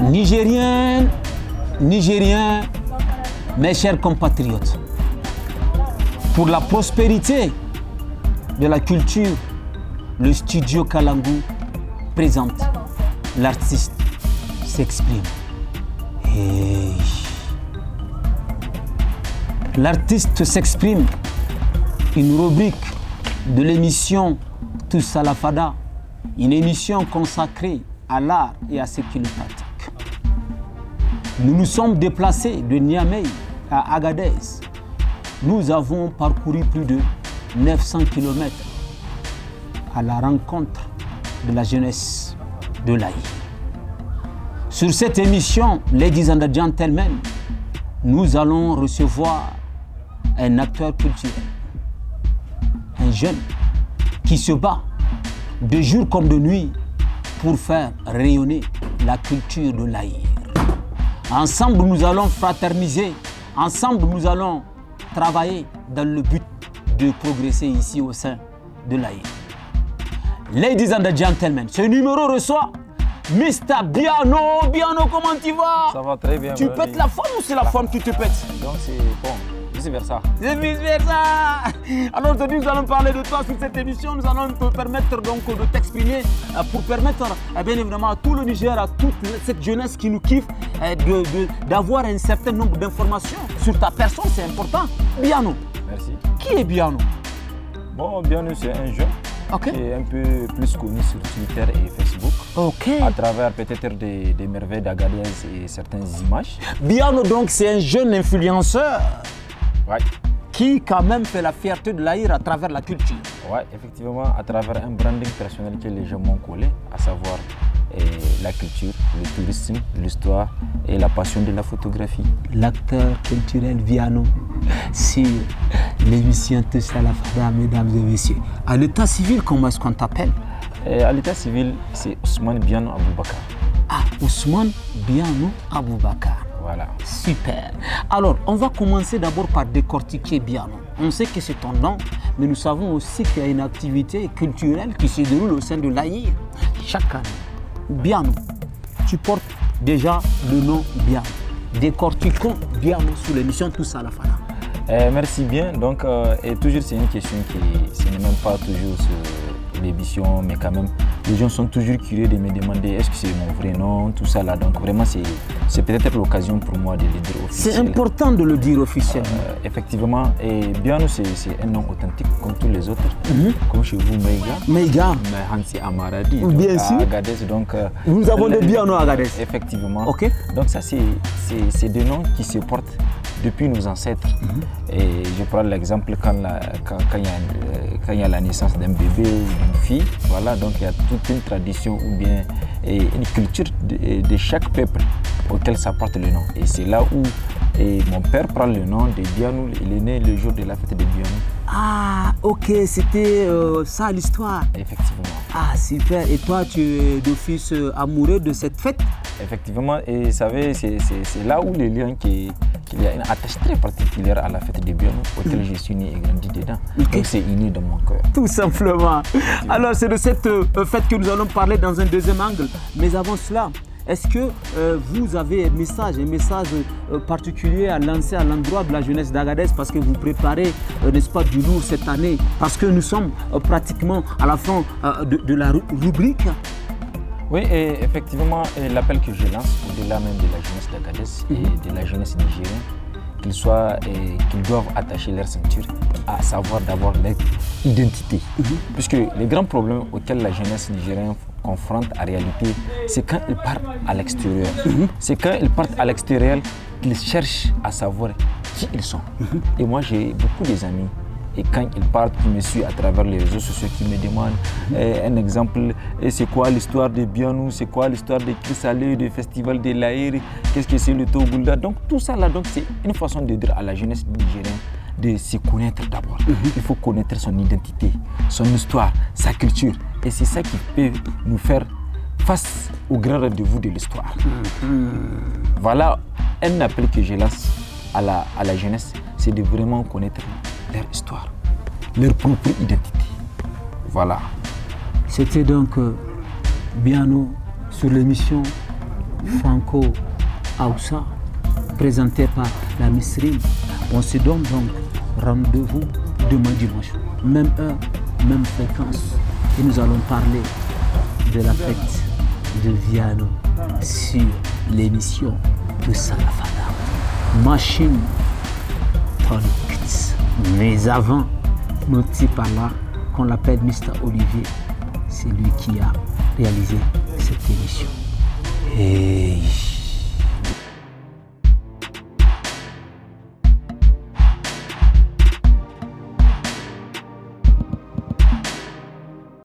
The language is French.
Nigériens, Nigériens, mes chers compatriotes, pour la prospérité de la culture, le studio Kalangu présente l'artiste s'exprime. L'artiste s'exprime, une rubrique de l'émission Tous à la une émission consacrée à l'art et à nous qu'il nous nous sommes déplacés de Niamey à Agadez. Nous avons parcouru plus de 900 km à la rencontre de la jeunesse de l'Aïe. Sur cette émission, Ladies and Gentlemen, nous allons recevoir un acteur culturel, un jeune qui se bat de jour comme de nuit pour faire rayonner la culture de l'Aïe. Ensemble, nous allons fraterniser. Ensemble, nous allons travailler dans le but de progresser ici au sein de l'AI. Ladies and gentlemen, ce numéro reçoit Mr. Biano. Biano, comment tu vas Ça va très bien. Tu pètes la forme ou c'est la, femme forme qui te pète Non, c'est bon. Vice versa. Vice versa. Alors aujourd'hui, nous allons parler de toi sur cette émission. Nous allons te permettre donc de t'exprimer euh, pour permettre, euh, bien à tout le Niger, à toute cette jeunesse qui nous kiffe, euh, d'avoir de, un certain nombre d'informations sur ta personne. C'est important. Biano. Merci. Qui est Biano Bon, Biano, c'est un jeune. Ok. qui est un peu plus connu sur Twitter et Facebook. Ok. À travers peut-être des, merveilles d'Agadez et certaines images. Biano, donc, c'est un jeune influenceur qui quand même fait la fierté de l'Aïr à travers la culture. Oui, effectivement, à travers un branding personnel qui est légèrement collé, à savoir eh, la culture, le tourisme, l'histoire et la passion de la photographie. L'acteur culturel Viano sur l'émission Touche à la mesdames et messieurs. À l'état civil, comment est-ce qu'on t'appelle eh, À l'état civil, c'est Ousmane Biano Aboubakar. Ah, Ousmane Biano Aboubakar. Super. Alors, on va commencer d'abord par décortiquer Biano. On sait que c'est ton nom, mais nous savons aussi qu'il y a une activité culturelle qui se déroule au sein de l'AIR chaque année. Biano, tu portes déjà le nom Biano. Décortiquons Biano sur l'émission tout à la euh, merci bien. Donc, euh, et toujours, c'est une question qui, ce n'est même pas toujours sur l'émission, mais quand même, les gens sont toujours curieux de me demander est-ce que c'est mon vrai nom, tout ça là. Donc vraiment, c'est peut-être l'occasion pour moi de le dire officiellement. C'est important de le dire officiellement. Euh, effectivement, et bien c'est un nom authentique comme tous les autres, mhm. comme chez vous, Meiga. Meiga. Mais Hansi Amaradi. Bien sûr. donc, euh, Nous avons des Biano à Agadez. Effectivement. Ok. Donc ça, c'est des noms qui se portent depuis nos ancêtres. Mhm. Et je prends l'exemple euh, quand il y, a, la naissance d'un bébé ou d'une fille, voilà, donc il y a toute une tradition ou bien une culture de, chaque peuple auquel ça porte le nom. Et c'est là où mon père prend le nom de Bianou, il est né le jour de la fête de Bianou. Ah, ok, c'était euh, ça l'histoire. Effectivement. Ah, super. Et toi, tu es d'office euh, amoureux de cette fête Effectivement, et savez, c'est là où les liens qui, il y a une attache très particulière à la fête des Biennes, auquel je suis né et grandi dedans. Donc c'est uni dans mon cœur. Tout simplement. Alors c'est de cette euh, fête que nous allons parler dans un deuxième angle. Mais avant cela, est-ce que euh, vous avez un message, un message euh, particulier à lancer à l'endroit de la jeunesse d'Agadez parce que vous préparez, n'est-ce pas, du lourd cette année Parce que nous sommes pratiquement à la fin de, la rubrique oui, effectivement, l'appel que je lance au-delà même de la jeunesse d'Agadez et mhm. de la jeunesse nigérienne, qu'ils soient qu'ils doivent attacher leur ceinture à savoir d'avoir leur identité. Mhm. Puisque les grands problèmes auxquels la jeunesse nigérienne confronte en réalité, c'est quand ils partent à l'extérieur. Mhm. C'est quand ils partent à l'extérieur qu'ils cherchent à savoir qui ils sont. Et moi, j'ai beaucoup des amis et quand ils partent, qui me suivent à travers les réseaux sociaux, qui me demandent eh, un exemple, et eh, c'est quoi l'histoire de Bianou, c'est quoi l'histoire de Kisale, du festival de l'air, qu'est-ce que c'est le Togoulda. Donc tout ça là, c'est une façon de dire à la jeunesse nigérienne de se connaître d'abord. Mhm. Il faut connaître son identité, son histoire, sa culture. Et c'est ça qui peut nous faire face au grand rendez-vous de l'histoire. Mhm. Voilà un appel que je lance à la, à la jeunesse, c'est de vraiment connaître leur histoire, leur propre identité. Voilà. C'était donc euh, Biano sur l'émission Franco Aoussa, présentée par la Misserie. On se donne donc rendez-vous demain dimanche. Même heure, même fréquence. Et nous allons parler de la fête de Viano sur l'émission de Salafana. Machine Tony. Mais avant, notre par là, qu'on l'appelle Mr. Olivier, c'est lui qui a réalisé cette émission. Et